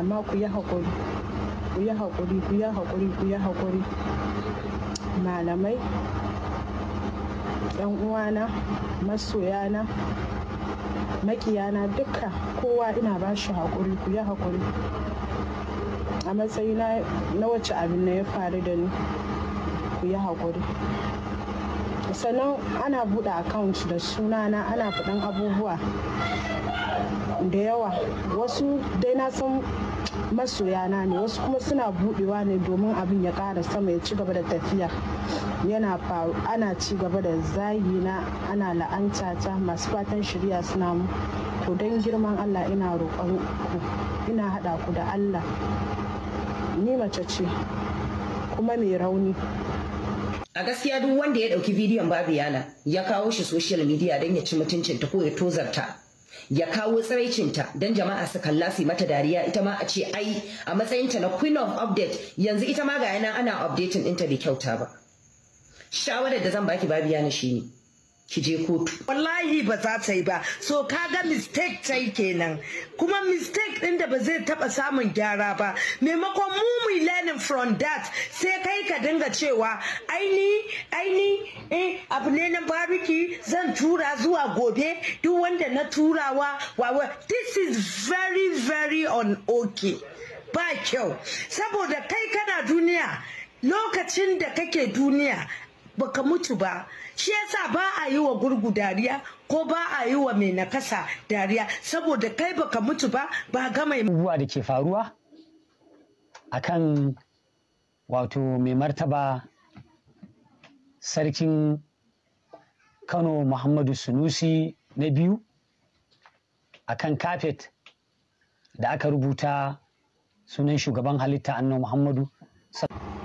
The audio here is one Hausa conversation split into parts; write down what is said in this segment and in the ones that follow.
amma ku yi haƙuri ku yi haƙuri ku yi haƙuri ku yi haƙuri malamai yan uwana masoyana makiyana duka kowa ina ba shi haƙuri ku yi haƙuri a matsayi na wacce abin na ya faru da ni ku yi haƙuri sannan ana buɗe account da sunana ana faɗin abubuwa da yawa wasu dai na san masoyana ne wasu kuma suna buɗewa ne domin abin ya kara sama ya ci gaba da tafiya yana faru ana ci gaba da zagi na ana la'anta ta masu fatan shirya suna mu to don girman allah ina roƙon ku ina haɗa ku da allah ni mace ce kuma mai rauni a gaskiya duk wanda ya ɗauki bidiyon babu yana ya kawo shi social media don ya ci mutuncinta ko ya tozarta ya kawo tsiraicinta don jama'a su kalla su mata dariya ita ma a ce ai a matsayinta na queen of update yanzu ita ma ga yana ana updating ɗinta bai kyauta ba shawarar da zan baki babu babiya shi ne. ki je kotu wallahi ba za ta yi ba so kaga mistake ta yi kenan kuma mistake ɗin da ba zai taba samun gyara ba maimakon mu mu learning from that sai kai ka dinga cewa aini aini eh abu ne na bariki zan tura zuwa gobe duk wanda na turawa wawa this is very very on okay ba kyau saboda kai kana duniya lokacin da kake duniya baka mutu ba shi yasa ba a yi wa gurgu dariya ko ba a yi wa mai nakasa dariya saboda kai baka mutu ba ba ga mai abubuwa da ke faruwa akan wato mai martaba sarkin kano muhammadu sunusi na biyu akan kafet da aka rubuta sunan shugaban halitta annan muhammadu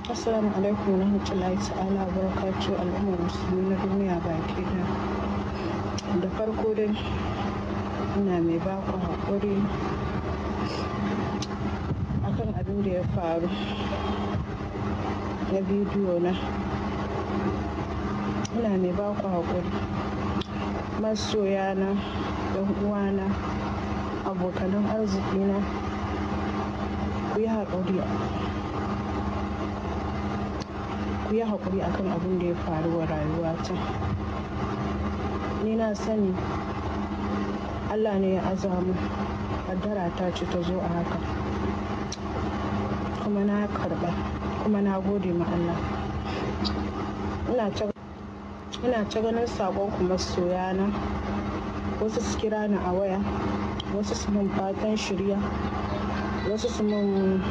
Assalamu alaikum wa rahmatullahi ta'ala wa barakatu al'ummar musulmi na duniya baki da da farko dai ina mai baku haƙuri akan abin da ya faru na bidiyo na ina mai baku haƙuri masoya na ɗan uwana abokanan arzikina, na ku yi haƙuri ku yi haƙuri akan abin da ya faru wa rayuwata ni na sani allah ne ya azamu kaddara ta ce ta zo a haka kuma na karba kuma na gode ma'ana ina ta ganin saƙon kuma soyana wasu su kira ni a waya wasu su mun fatan shirya wasu su mun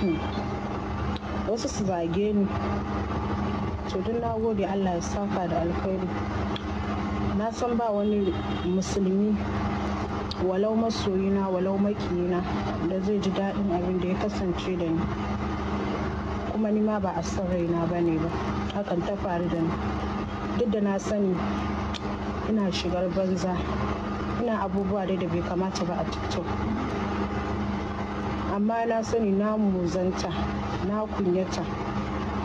hmm, wasu su zage ni to na gode allah ya safa da alkhairi na san ba wani musulmi walau masoyina walau makiyina da zai ji daɗin abin da ya kasance da ni kuma ni ma ba a san raina ba ne ba hakan ta faru da ni duk da na sani ina shigar banza ina abubuwa da bai kamata ba a tiktok amma na sani na muzanta na kunyata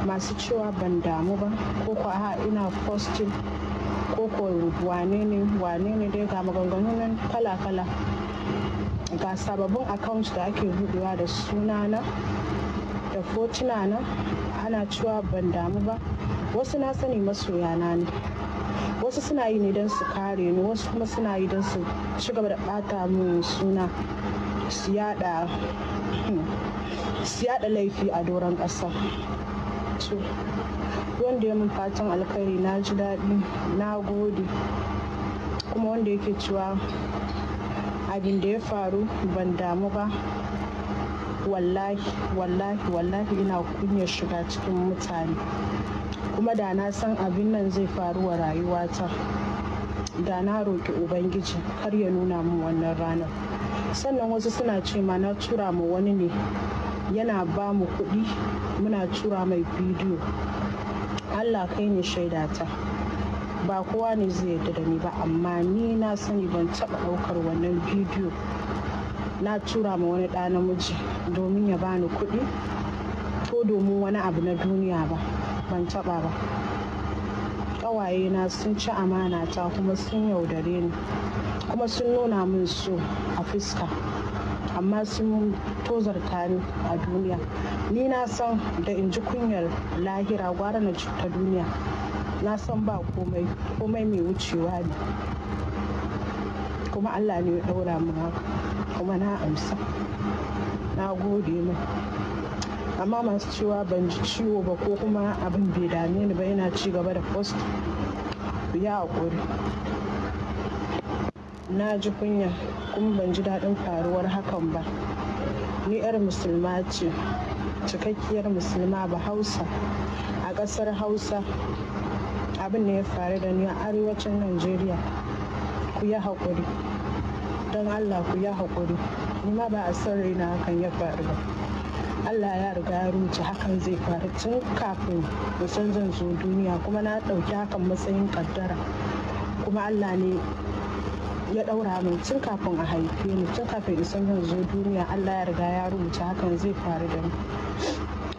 masu cewa ban damu ba ko ko a ina posting ko ko wane ne wane ne dai ga maganganu nan kala kala ga sababbin account da ake buɗewa da sunana da fotuna na ana cewa ban damu ba wasu na sani masoyana ne wasu suna yi ne don su kare ni wasu kuma suna yi don su ci gaba da ɓata min suna su yada su yada laifi a doron ƙasa wanda ya mun fatan alkhairi na ji daɗi na gode kuma wanda yake cewa abin da ya faru ban damu ba wallahi wallahi wallahi ina kunyar shiga cikin mutane kuma da na san abin nan zai faru wa rayuwata da na roƙi ubangiji har ya nuna min wannan ranar sannan wasu suna ce ma na tura mu wani ne yana ba mu kuɗi muna tura mai bidiyo allah kai ne ta ba kowa ne zai yarda da ni ba amma ni na sani ban taɓa ɗaukar wannan bidiyo na tura ma wani ɗa namiji domin ya bani kuɗi ko domin wani abu na duniya ba ban taɓa ba na sun ci amana ta kuma sun yaudare ni kuma sun nuna min so a fuska amma sun tozarta ni a duniya ni na san da in ji kunyar lahira gwara na ta duniya na san ba komai komai mai wucewa ne kuma allah ne ya ɗaura min haka kuma na amsa na gode mai amma masu cewa ban ji ciwo ba ko kuma abin bai dame ni ba yana ci gaba da post ya haƙuri na ji kunya kuma ban ji daɗin faruwar hakan ba ni 'yar musulma ce cikakkiyar musulma ba hausa a ƙasar hausa abin da ya faru da ni a arewacin najeriya ku yi haƙuri don allah ku yi haƙuri ni ma ba a son raina hakan ya faru ba allah ya riga ya rubuta hakan zai faru tun kafin mu san zan zo duniya kuma na ɗauki hakan matsayin kaddara kuma allah ne ya ɗaura min tun kafin a haife ni tun kafin isan zan zo duniya allah ya riga ya rubuta hakan zai faru da ni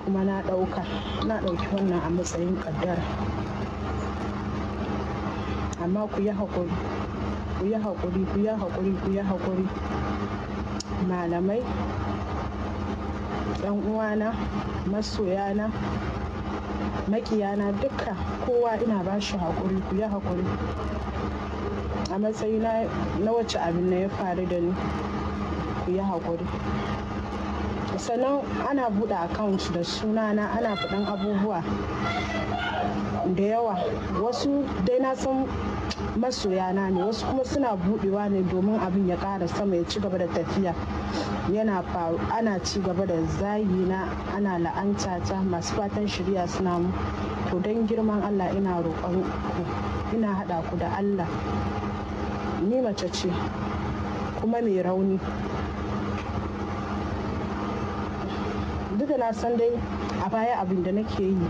kuma na ɗauka na ɗauki wannan a matsayin kaddara amma ku yi haƙuri ku yi haƙuri ku yi haƙuri ku yi haƙuri malamai 'yan uwana masoyana makiyana duka kowa ina ba shi haƙuri ku yi haƙuri a matsayi na wacce abin na ya faru da ni ku yi haƙuri sannan ana buɗe account da sunana ana faɗin abubuwa da yawa wasu dai na san masoya na ne wasu kuma suna buɗewa ne domin abin ya ƙara sama ya ci gaba da tafiya yana faru ana ci gaba da zagi na ana la'anta ta masu fatan shirya suna mu to don girman allah ina roƙon ku ina haɗa ku da allah ni mace ce kuma mai rauni duk da na san dai a baya abin da nake yi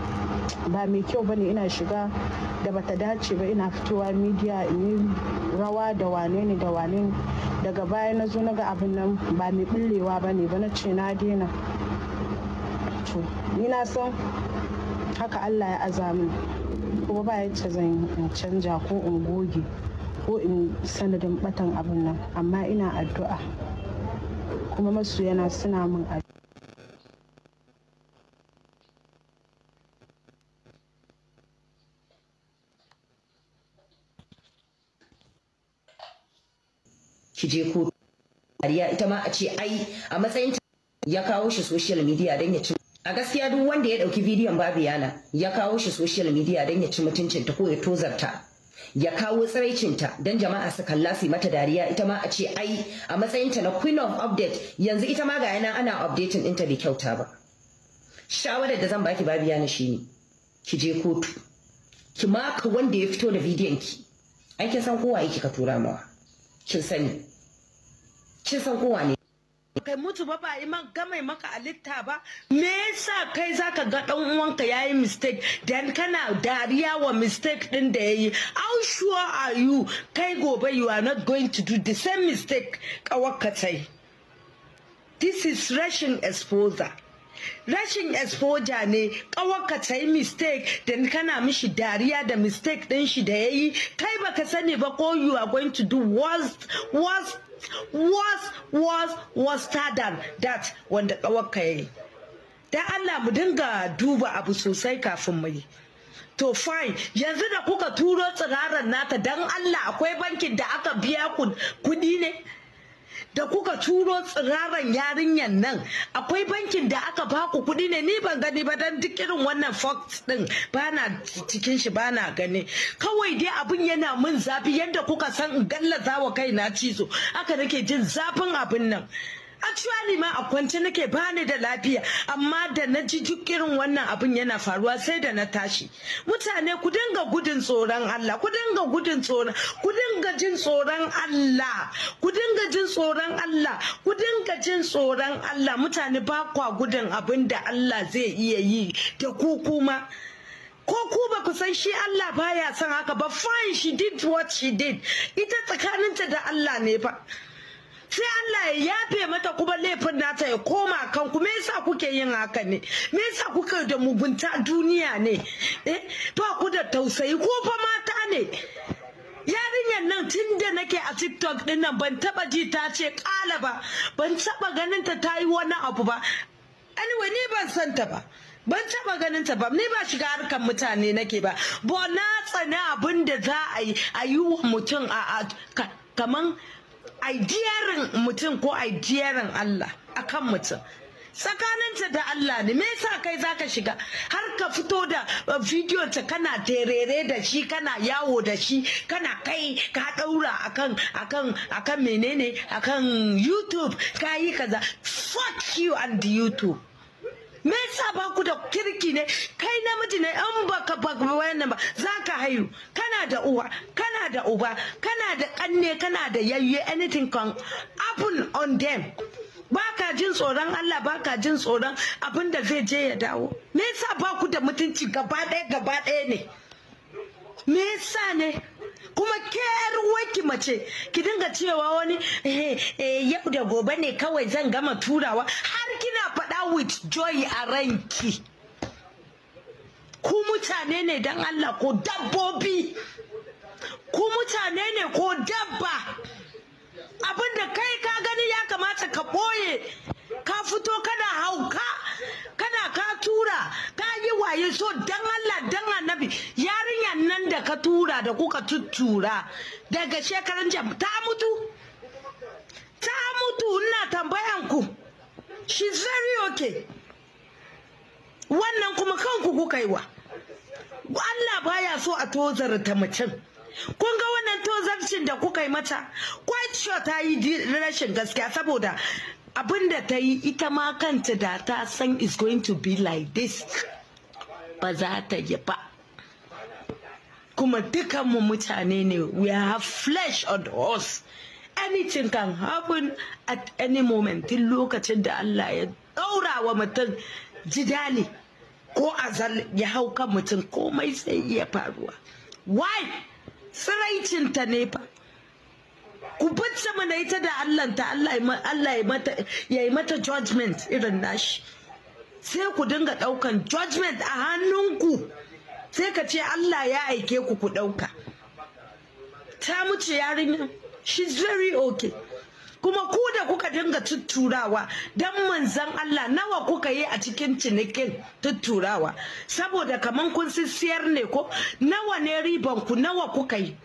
ba mai kyau bane ina shiga da bata dace ba ina fitowa midiya in yi rawa da wane ne da wane daga baya na zo na ga abin nan ba mai billewa ba ne ba na ce na daina to ni na san haka allah ya azamin kuma ba yacce zan canja ko in goge ko in sanadin batan abin nan amma ina addu'a kuma masu yana suna min addu'a ki je kotu ariya ita ma a ce ai a matsayin ya kawo shi social media don ya ci a gaskiya duk wanda ya dauki bidiyon babu yana, ya kawo shi social media don ya ci mutuncin ta ko ya tozarta ya kawo tsiraicinta don jama'a su kalla su mata dariya ita ma a ce ai a matsayinta na queen of update yanzu ita ma ga yana ana updating ɗinta bai kyauta ba shawarar da zan baki babu babiyana shine ki je kotu ki maka wanda ya fito da bidiyon ki an kin san kowa yake ka tura mawa kin sani kin san kowa ne kai mutu ba ba iman game maka alitta ba me yasa kai zaka ga dan uwanka yayi mistake dan kana dariya wa mistake din da yayi how sure are you kai gobe you are not going to do the same mistake kawakka tai this is rushing exposure rashin exposure ne kawarka ta yi mistake dan kana mishi dariya da mistake din shi da ya yi kai baka sani ba ko you are going to do worst worst was was was than that wanda kawaka yi. dan Allah mu dinga duba abu sosai kafin mu yi to fine yanzu da kuka turo tsiraran nata dan Allah akwai bankin da aka biya ku kudi ne da kuka turo tsiraran yarinyar nan akwai bankin da aka baku kuɗi ne ni ban gani ba dan duk irin wannan fox din bana cikin shi bana gani kawai dai abin yana min zafi yadda kuka san in gallaza wa kai na cizo haka nake jin zafin abin nan actually ma a kwance nake bani da lafiya amma da na ji duk irin wannan abin yana faruwa sai da na tashi mutane ku dinga gudun tsoron Allah ku dinga gudun tsoron ku dinga jin tsoron Allah ku dinga jin tsoron Allah ku dinga jin tsoron Allah mutane ba kwa gudun abin da Allah zai iya yi da ku kuma ko ku ba ku san shi Allah baya son haka ba fine she did what she did ita tsakaninta da Allah ne ba. sai Allah ya yafe mata kuma laifin nata ya koma kan ku me yasa kuke yin haka ne me yasa kuke da mugunta duniya ne eh ba ku da tausayi ko fa mata ne yarinyar nan tun da nake a tiktok din nan ban taba ji ta ce kala ba ban taba ganin ta ta yi wani abu ba anyway ni ban san ta ba ban taba ganin ta ba ni ba shiga harkan mutane nake ba bo na tsani abin da za a yi a yi wa mutum a kaman aidiyarin mutum ko aidiyarin Allah a kan mutum tsakaninta da Allah ne me yasa kai zaka shiga har ka fito da bidiyon uh, ta kana terere da shi kana yawo da shi kana kai ka daura akan akan akan menene akan YouTube kayi kaza fuck you and YouTube me yasa ba ku da kirki ne kai namiji ne in baka wayannan ba za ka haihu kana da uwa kana da uba kana da kanne kana da yayye anything can happen on them Ba ka jin tsoron Allah ba ka jin tsoron abin da zai je ya dawo me yasa ba ku da mutunci gaba ɗaya gaba ɗaya ne me yasa ne kuma ke ruwarki mace ki dinga cewa wani eh, eh, yau da gobe ne kawai zan gama turawa har kina faɗa with joy a ranki ku mutane ne don Allah ko dabbobi ku mutane ne ko dabba abinda kai ka gani ya kamata ka ɓoye ka fito kana hauka kana ka tura ka yi waye so dan Allah dan annabi yarinyar nan da ka tura da kuka tuttura daga shekaran jam ta mutu ta mutu ina tambayan ku she very okay wannan kuma kanku kuka yi wa Allah baya so a tozarta mutum kun ga wannan tozarcin da kuka yi mata quite sure ta yi rashin gaskiya saboda abin da ta yi ita ma kanta da ta san is going to be like this ba za ta yi ba kuma dukanmu mutane ne we have flesh on us anything can happen at any moment in lokacin da Allah ya daura wa mutum jidali ko azal ya hau kan mutum komai sai iya faruwa why tsiraicinta ne fa ku bacce mana ita da Allah ta Allah ya yi mata judgment irin nashi sai ku dinga daukan judgment a hannunku sai ka ce Allah ya aike ku ku dauka ta muce yarinya she's very okay kuma ku da kuka dinga tutturawa dan manzan Allah nawa kuka yi a cikin cinikin tutturawa saboda kaman kun sissiyar ne ko nawa ne riban nawa kuka yi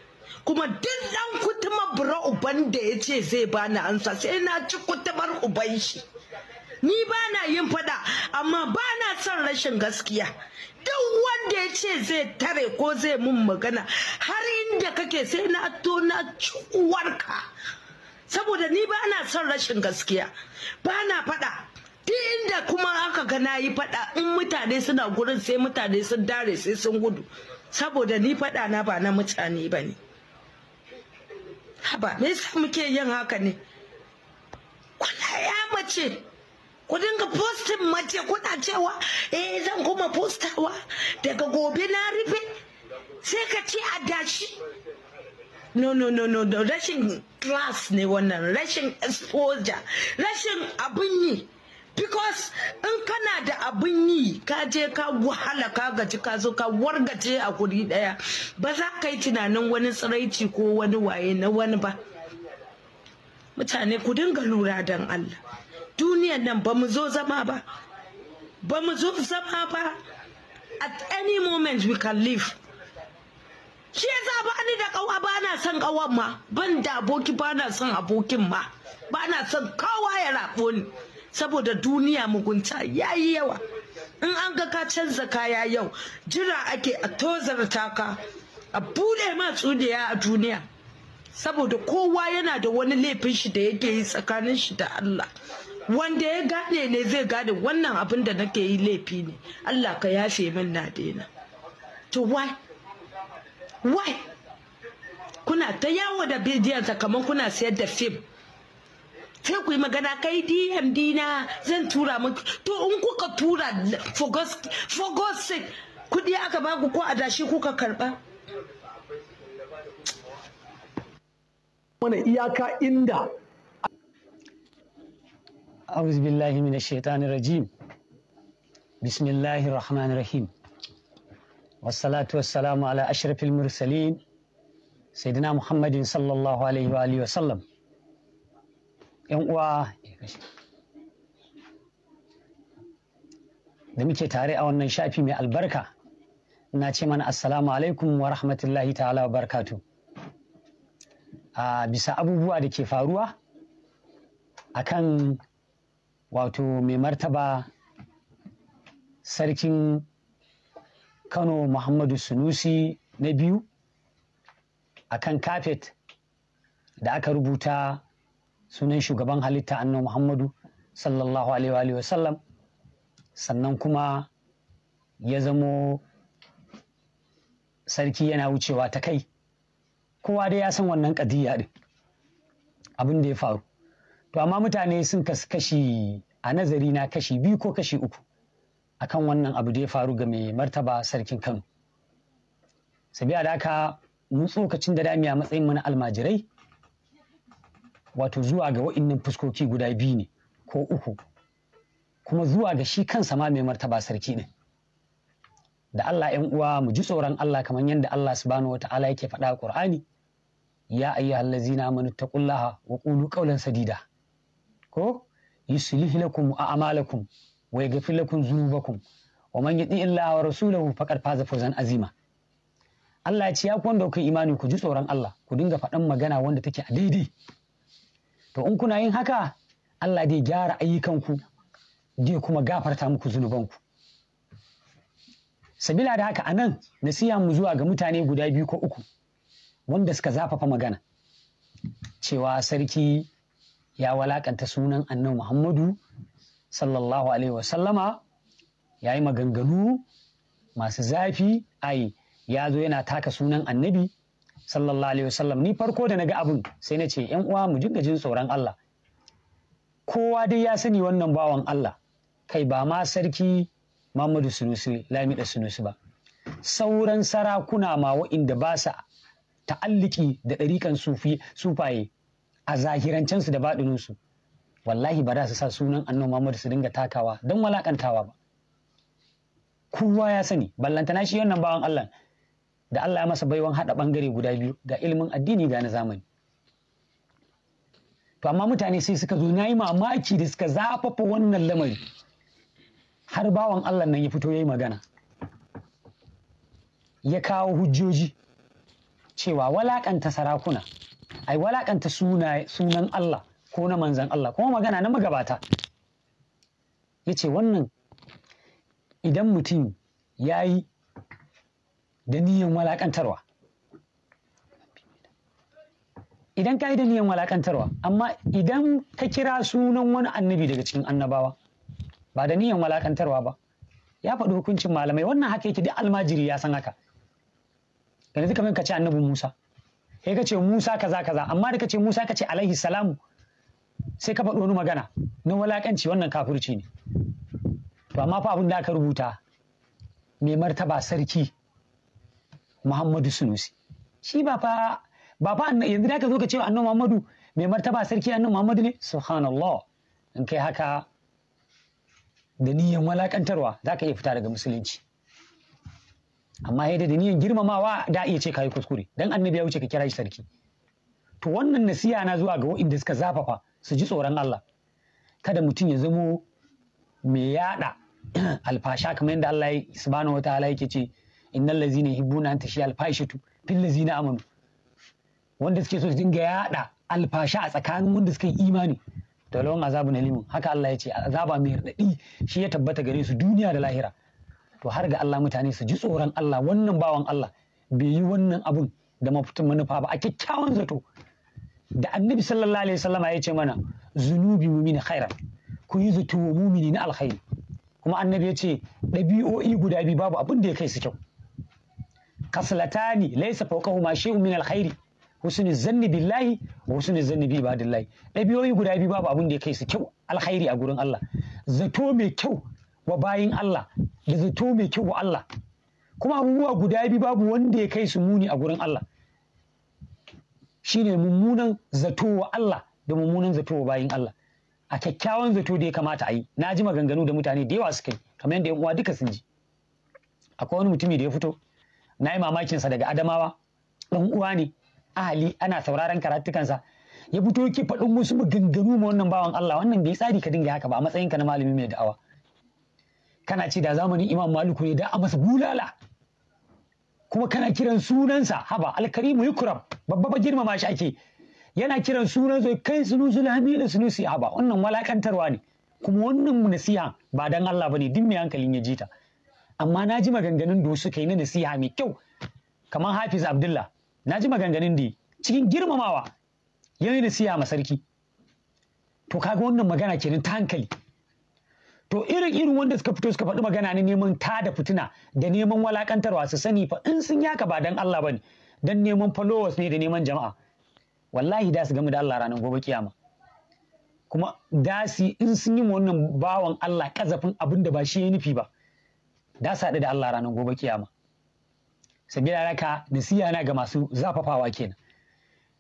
kuma duk dan kutuma bura uban da ya ce zai bani ansa sai na ci kutumar uban shi ni ba na yin fada amma ba na son rashin gaskiya duk wanda ya ce zai tare ko zai mun magana har inda kake sai na to na cikuwarka saboda ni ba na son rashin gaskiya ba na fada duk inda kuma aka ga na yi fada in mutane suna gurin sai mutane sun dare sai sun gudu saboda ni fada na ba na mutane ba ne haba me yasa muke yin haka ne kuna ya mace ku dinga postin mace kuna cewa eh zan kuma postawa daga gobe na rufe sai ka ce a dashi no no no no rashin trust ne wannan rashin exposure rashin abin yi because in kana da abin yi ka je ka wahala ka gaji ka zo ka wargaje a guri daya ba za ka yi tunanin wani tsiraici ko wani waye na wani ba mutane ku dinga lura don Allah duniyan nan ba mu zo zama ba ba mu zo zama ba at any moment we can leave shi yasa ba ni da kawa ba na son kawan ma ban da aboki ba na son abokin ma ba na son kawa ya rabo ni saboda duniya mugunta ya yi yawa in an ga ka canza kaya yau jira ake a tozar taka a bude ma tsuniya a duniya saboda kowa yana da wani laifin shi da yake yi tsakanin shi da Allah wanda ya gane ne zai gane wannan abin da nake yi laifi ne Allah ka yafe min na daina to why why kuna ta yawo da bidiyon kamar kuna sayar da fim sai ku yi magana kai dmd na zan tura muku, to in kuka tura for god's sake kudi aka baku ko a adashi kuka karba wani iyaka inda أعوذ بالله من الشيطان الرجيم بسم الله الرحمن الرحيم والصلاة والسلام على أشرف المرسلين سيدنا محمد صلى الله عليه وآله وسلم 'yan uwa eh, da muke tare a wannan shafi mai albarka na ce mana assalamu alaikum wa rahmatullahi ta'ala wa barkatu a bisa abubuwa da ke faruwa a kan wato mai martaba sarkin kano muhammadu sunusi na biyu a kan kafet da aka rubuta sunan shugaban halitta annabi muhammadu sallallahu alaihi wa sallam sannan kuma ya zamo sarki yana wucewa ta kai kowa dai ya san wannan kadiyya din abin da ya faru to amma mutane sun kashi a nazari na kashi biyu ko kashi uku akan wannan abu da ya faru ga mai martaba sarkin kano sabiya da haka mun tsokacin da dami a matsayin mu na almajirai wato zuwa ga wa'innan fuskoki guda biyu ne ko uku kuma zuwa ga shi kansa ma mai martaba sarki ne da Allah ‘yan uwa mu ji tsoron Allah kamar yadda Allah subhanahu wa ta'ala yake faɗa a Qur'ani ya ayyuhal ladzina amanu taqullaha wa qulu qawlan sadida ko yuslih lakum a'malakum wa yaghfir lakum dhunubakum wa man yuti illaha wa rasulahu faqad faza fawzan azima Allah ya ce ya ku wanda ku imani ku ji tsoron Allah ku dinga faɗan magana wanda take a daidai to in kuna yin haka Allah dai gyara ayyukanku zai kuma gafarta muku zunubanku sabila da haka anan nasiya mu zuwa ga mutane guda biyu ko uku wanda suka zafafa magana cewa sarki ya walakanta sunan annan Muhammadu sallallahu alaihi wasallama ya yi maganganu masu zafi ai ya zo yana taka sunan annabi sallallahu alaihi wasallam ni farko da naga abun sai na ce yan uwa mu dinga jin tsoron Allah kowa dai ya sani wannan bawan Allah kai ba ma sarki Muhammadu Sunusi Lamida Sunusi ba sauran sarakuna ma wa'inda ba sa ta'alliki da ɗarikan sufi sufaye a zahirancen su da baɗinin su wallahi ba za su sa sunan annabi Muhammadu su dinga takawa don walakantawa ba kowa ya sani ballantana shi wannan bawan Allah da Allah ya masa baiwan haɗa ɓangare guda biyu ga ilimin addini ga na zamani to amma mutane sai suka zo na yi mamaki da suka zafafa wannan lamari har bawan Allah nan ya fito ya yi magana ya kawo hujjoji cewa walakanta sarakuna ai walakanta sunan Allah ko na manzan Allah kuma magana na magabata ya ce wannan idan mutum ya yi da niyan walakantarwa idan ka yi da niyan walakantarwa amma idan ka kira sunan wani annabi daga cikin annabawa ba da niyan walakantarwa ba ya faɗi hukuncin malamai wannan haka yake duk almajiri ya san haka yanzu kamar ka ce annabi Musa sai ka ce Musa kaza kaza amma da ka ce Musa ka ce alaihi salamu sai ka faɗi wani magana na walakanci wannan kafurci ne to amma fa abin da aka rubuta mai martaba sarki Muhammadu Sunusi shi ba fa ba fa yanzu da ka zo ka ce annabi Muhammadu mai martaba sarki annabi Muhammadu ne subhanallah in kai haka da niyyar walakantarwa za ka iya fita daga musulunci amma yadda da niyyar girmamawa da iya ce yi kuskure dan annabi ya wuce ka kira shi sarki to wannan nasiha na zuwa ga waɗanda suka zafafa su ji tsoron Allah kada mutum ya zamo mai yada alfasha kamar yadda Allah subhanahu wataala yake ce innal lazina yuhibbuna an tashiya alfashatu fil lazina amanu wanda suke so su dinga yada alfasha a tsakanin wanda suke yi imani to lawan azabu na haka Allah ya ce azaba mai radadi shi ya tabbata gare su duniya da lahira to har ga Allah mutane su ji tsoron Allah wannan bawan Allah bai yi wannan abun da mafutun manufa ba a kyakkyawan zato da annabi sallallahu alaihi wasallama ya ce mana zunubi mu'mini khairan ku yi zato mu'mini na alkhairi kuma annabi ya ce ɗabi'o'i guda biyu babu abin da ya kai su kyau kaslatani laysa fawqahuma shay'un min alkhairi husnu zanni billahi wa husnu zanni bi ibadillahi dabiyoyi guda biyu babu abin da ya kai su kyau alkhairi a gurin Allah zato mai kyau wa bayin Allah da zato mai kyau wa Allah kuma abubuwa guda biyu babu wanda ya kai su muni a gurin Allah shine mummunan zato wa Allah da mummunan zato wa bayin Allah a kyakkyawan zato da ya kamata a yi na ji maganganu da mutane da yawa suka yi kamar yadda yan uwa duka sun ji akwai wani mutumi da ya fito na yi mamakinsa daga adamawa ɗan uwa ne ahali ana sauraron karatukansa ya fito ke faɗin musu maganganu ma wannan bawan Allah wannan bai tsari ka dinga haka ba a matsayin ka na malami mai da'awa kana ce da zamanin Imam maluku ne da a masa bulala kuma kana kiran sunansa haba alkarimu yukram babba ba girmama shi ake yana kiran sunansa kai sunusu da sunusi haba wannan walakantarwa ne kuma wannan nasiha ba dan Allah bane duk mai hankalin ya jita ta amma na ji maganganun da suka yi na nasiha mai kyau kamar hafiz abdullah na ji maganganun da cikin girmamawa ya yi nasiha ma sarki to kaga wannan magana kenan ta hankali to irin irin wanda suka fito suka faɗi magana ne neman ta da fitina da neman walakantarwa su sani fa in sun yaka ba dan Allah bane dan neman followers ne da neman jama'a wallahi da su gamu da Allah ranar gobe kiyama kuma da su in sun yi wannan bawan Allah kazafin abin da ba shi ya nufi ba da su haɗu da Allah ranar gobe kiyama sabila raka nasiha na ga masu zafafawa kenan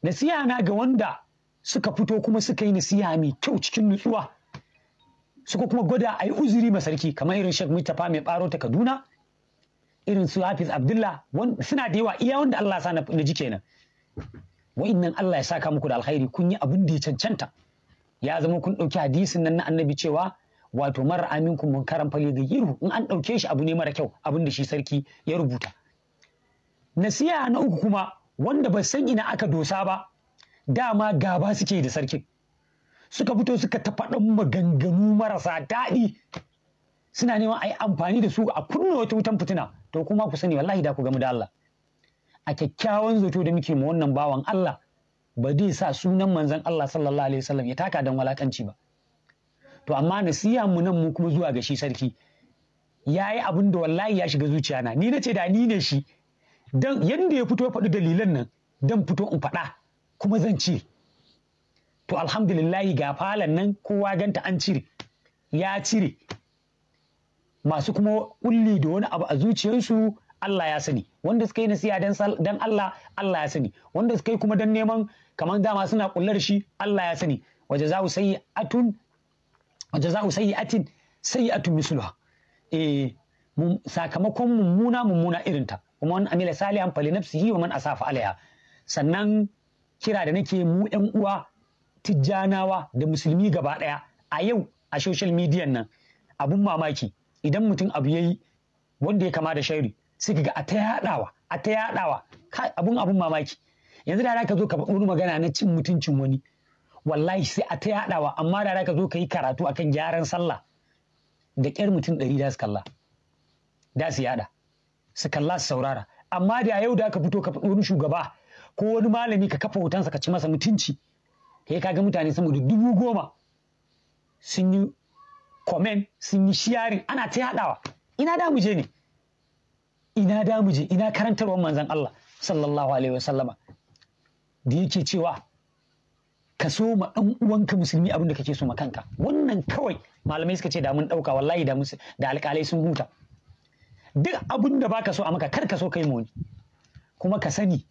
nasiha na ga wanda suka fito kuma suka yi nasiha mai kyau cikin nutsuwa suka kuma gwada a yi uzuri ma sarki kamar irin shek Mustapha mai ɓaro ta Kaduna irin su Hafiz Abdullah suna da yawa iya wanda Allah sa na ji kenan wa'innan Allah ya saka muku da alkhairi kun yi abin da ya cancanta ya zama kun ɗauki hadisin nan na annabi cewa wato mara aminku munkaran fali ga yiru in an ɗauke shi abu ne mara kyau abin da shi sarki ya rubuta nasiha na uku kuma wanda ba san ina aka dosa ba dama gaba suke da sarkin suka fito suka ta maganganu marasa daɗi suna neman a yi amfani da su a kunna wata wutan fitina to kuma ku sani wallahi da ku gamu da Allah a kyakkyawan zato da muke ma wannan bawan Allah ba zai sa sunan manzon Allah sallallahu alaihi wasallam ya taka dan walakanci ba to amma nasiya mu nan mu kuma zuwa ga shi sarki ya yi abin da wallahi ya shiga zuciya na ni na ce da ni ne shi dan yanda ya fito ya faɗi dalilan nan dan fito in faɗa kuma zan cire to alhamdulillahi ga falan nan kowa ganta an cire ya cire masu kuma kulli da wani abu a zuciyarsu Allah ya sani wanda suka yi nasiya dan Allah Allah ya sani wanda suka yi kuma dan neman kamar dama suna kullar shi Allah ya sani waje za sayi atun wa jaza'u sayyi'atin sayyi'atun misluha eh sakamakon mummuna mummuna irinta kuma wani amila salihan fali nafsihi wa man asafa alaiha sannan kira da nake mu yan uwa tijjanawa da musulmi gaba daya a yau a social media nan abun mamaki idan mutum abu yayi wanda ya kama da shairi sai kaga a ta yadawa a ta yadawa abun abun mamaki yanzu da ka zo ka faɗi magana na cin mutuncin wani wallahi sai a ta yaɗawa amma da ka zo ka yi karatu akan gyaran sallah da ƙyar mutum ɗari da su kalla da su yaɗa su kalla su saurara amma da yau da ka fito ka faɗo wani shugaba ko wani malami ka kafa hotonsa ka ci masa mutunci kai ka ga mutane sama da dubu goma sun yi komen sun yi shiyarin ana ta yaɗawa ina da muje ne ina da muje ina karantarwar manzon Allah sallallahu alaihi wasallama da yake cewa ka so ma ɗan uwanka musulmi abin da kake so ma kanka wannan kawai malamai suka ce da mun ɗauka wallahi da da alƙalai sun huta duk abin da baka so a maka kar ka so kai moni kuma ka sani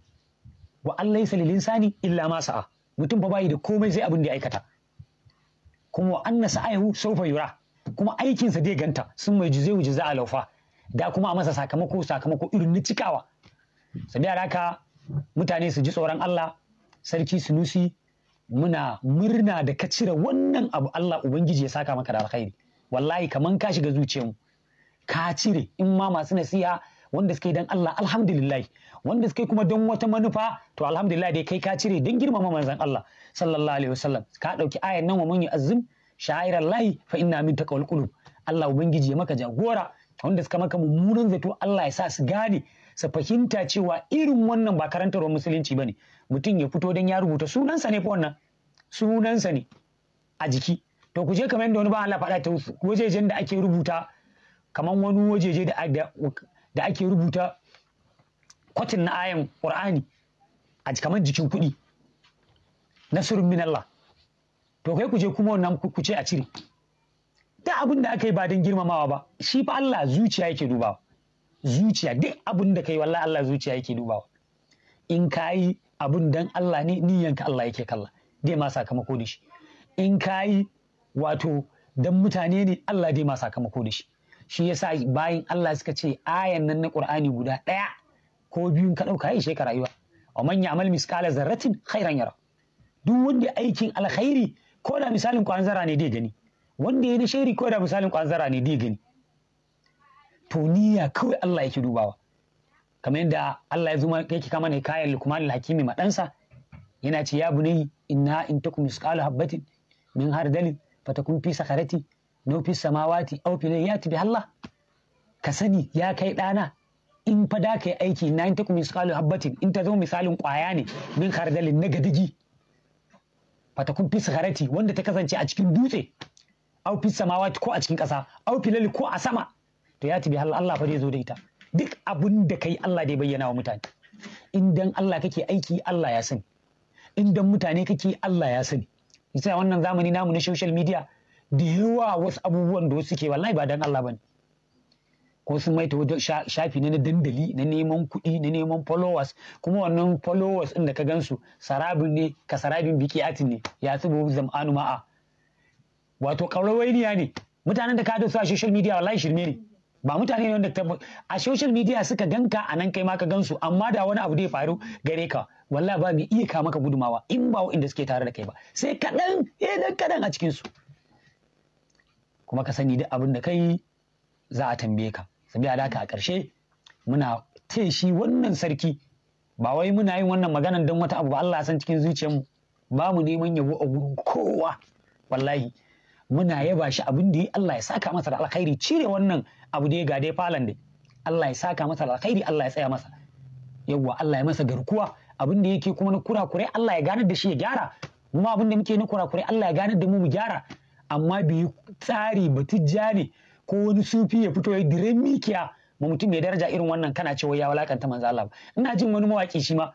wa Allah ya salilin sani illa ma sa'a mutum fa bayi da komai sai abin da ya aikata kuma wa anna sa'ahu sawfa yura kuma aikinsa zai ganta sun mai juzai wuji za'a laufa da kuma a masa sakamako sakamako irin na cikawa sabi haka mutane su ji tsoron Allah sarki sunusi muna murna da ka cire wannan abu Allah ubangiji ya saka maka da alkhairi wallahi kaman ka shiga zuciyarmu ka cire in ma masu nasiha wanda suka yi dan Allah alhamdulillah wanda suka kuma don wata manufa to alhamdulillah dai kai ka cire don girmama manzon Allah sallallahu alaihi wasallam ka dauki ayan nan wa man yu'azzim sha'irar lahi fa inna min taqwal qulub Allah ubangiji ya maka jagora wanda suka maka mummunan zato Allah ya sa su gane su fahimta cewa irin wannan ba karantarwar musulunci bane mutum ya fito don ya rubuta sunansa ne ko wannan sunansa ne a jiki to ku je kamar yadda wani ba Allah faɗa ta wasu wajejen da ake rubuta kamar wani wajeje da ake rubuta kwatin na ayan ƙur'ani a kamar jikin kuɗi na surun min Allah to kai ku je kuma wannan ku ce a cire da abin da aka yi ba don girmamawa ba shi fa Allah zuciya yake dubawa zuciya duk abin da kai wallahi Allah zuciya yake dubawa in ka yi abun dan Allah ne ka Allah yake kalla dai ma sakamako da shi in ka wato dan mutane ne Allah dai ma sakamako da shi shi yasa bayan Allah suka ce ayan nan na Qur'ani guda ɗaya ko biyun ka ɗauka yi shekara rayuwa wa man ya'mal misqala zarratin khairan yara duk wanda aikin alkhairi ko da misalin kwanzara ne dai gani wanda ya na shairi ko da misalin kwanzara ne dai gani to niyya kawai Allah yake dubawa kamar yadda Allah ya zuma yake kama ne kayan lukman hakimi madansa yana ce ya bunai inna in takum misqalu habatin min hardalin fatakun fi sakharati no fi samawati aw fi layati bi Allah ka sani ya kai dana in fa da kai aiki na in takum misqalu habatin in ta zama misalin kwaya ne min hardalin na gadigi fatakun fi sakharati wanda ta kasance a cikin dutse aw fi samawati ko a cikin kasa aw fi ko a sama to yati bi Allah Allah fa zai zo da ita duk abin da kai Allah dai bayyana wa mutane in dan Allah kake aiki Allah ya sani in mutane kake Allah ya sani yasa wannan zamani namu na social media da yawa wasu abubuwan da wasu ke wallahi ba dan Allah bane ko sun maita wajen shafi na dandali na neman kuɗi na neman followers kuma wannan followers ɗin da ka gansu sarabin ne ka sarabin biki atin ne ya tsubu zam'anu ma'a wato ƙaurawainiya ne mutanen da ka da su a social media wallahi shirme ne ba mutane ne wanda a social media suka ganka a nan kai ma ka gansu amma da wani abu da ya faru gare ka wallahi ba mai iya kama ka gudumawa in ba inda suke tare da kai ba sai kaɗan eh dan kaɗan a cikin su kuma ka sani duk abin da kai za a tambaye ka sabiya da a ƙarshe muna te shi wannan sarki ba wai muna yin wannan maganan don wata abu ba Allah ya san cikin zuciyarmu ba mu neman yabo a gurin kowa wallahi muna yaba shi abin da Allah ya saka masa da alkhairi cire wannan abu da ya gade falan dai Allah ya saka masa da alkhairi Allah ya tsaya masa yawwa Allah ya masa garkuwa abin da yake kuma na kurakurai Allah ya ganar da shi ya gyara mu abin da muke na kurakurai Allah ya ganar da mu mu gyara amma bi tsari ba tijjani ko wani sufi ya fito ya dire mikiya ma mutum mai daraja irin wannan kana cewa ya walakanta manzo Allah ina jin wani mawaki shi ma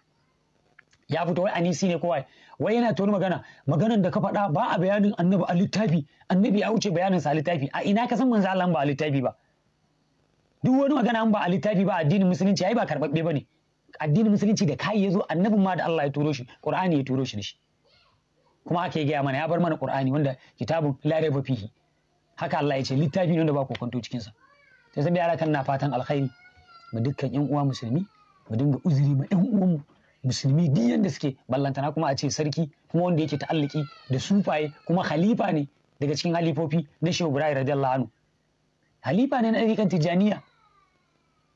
ya fito wai anisi ne kowai wai yana ta wani magana maganan da ka faɗa ba a bayanin annabi a littafi annabi ya wuce bayanin sa a littafi a ina ka san manzo Allah ba a littafi ba duk wani magana ba a littafi ba addinin musulunci ai ba karɓaɓɓe ba ne addinin musulunci da kai ya zo annabin ma da Allah ya turo shi qur'ani ya turo shi da shi kuma ake gaya mana ya bar mana qur'ani wanda kitabun la raiba fihi haka Allah ya ce littafi ne wanda ba ku kwanto cikin sa sai yara kan na fatan alkhairi ma dukkan yan uwa musulmi mu dinga uzuri ma yan uwanmu musulmi duk yadda suke ballantana kuma a ce sarki kuma wanda yake ta'allaki da sufaye kuma halifa ne daga cikin halifofi na shehu ibrahim radiyallahu anhu halifa ne na ɗarikan tijjaniya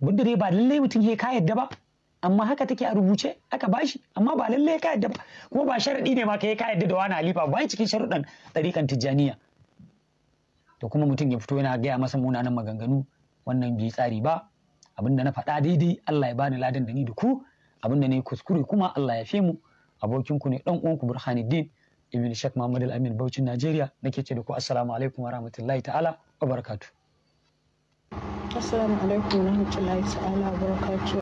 wanda dai ba lallai mutum ya ka yadda ba amma haka take a rubuce aka bashi amma ba lallai ya ka yadda ba kuma ba sharaɗi ne ma ka ka yadda da wani halifa ba cikin sharuɗan ɗarikan tijjaniya to kuma mutum ya fito yana gaya masa munanan maganganu wannan bai tsari ba abinda na faɗa daidai Allah ya bani ladan da ni da ku abin da ne kuskure kuma Allah ya fi mu abokin ku ne dan uwanku ku Burhanuddin Ibn Sheikh Muhammad Al-Amin Bauchin Najeriya nake ce da ku assalamu alaikum wa rahmatullahi ta'ala wa barakatuh assalamu alaikum wa rahmatullahi ta'ala wa barakatuh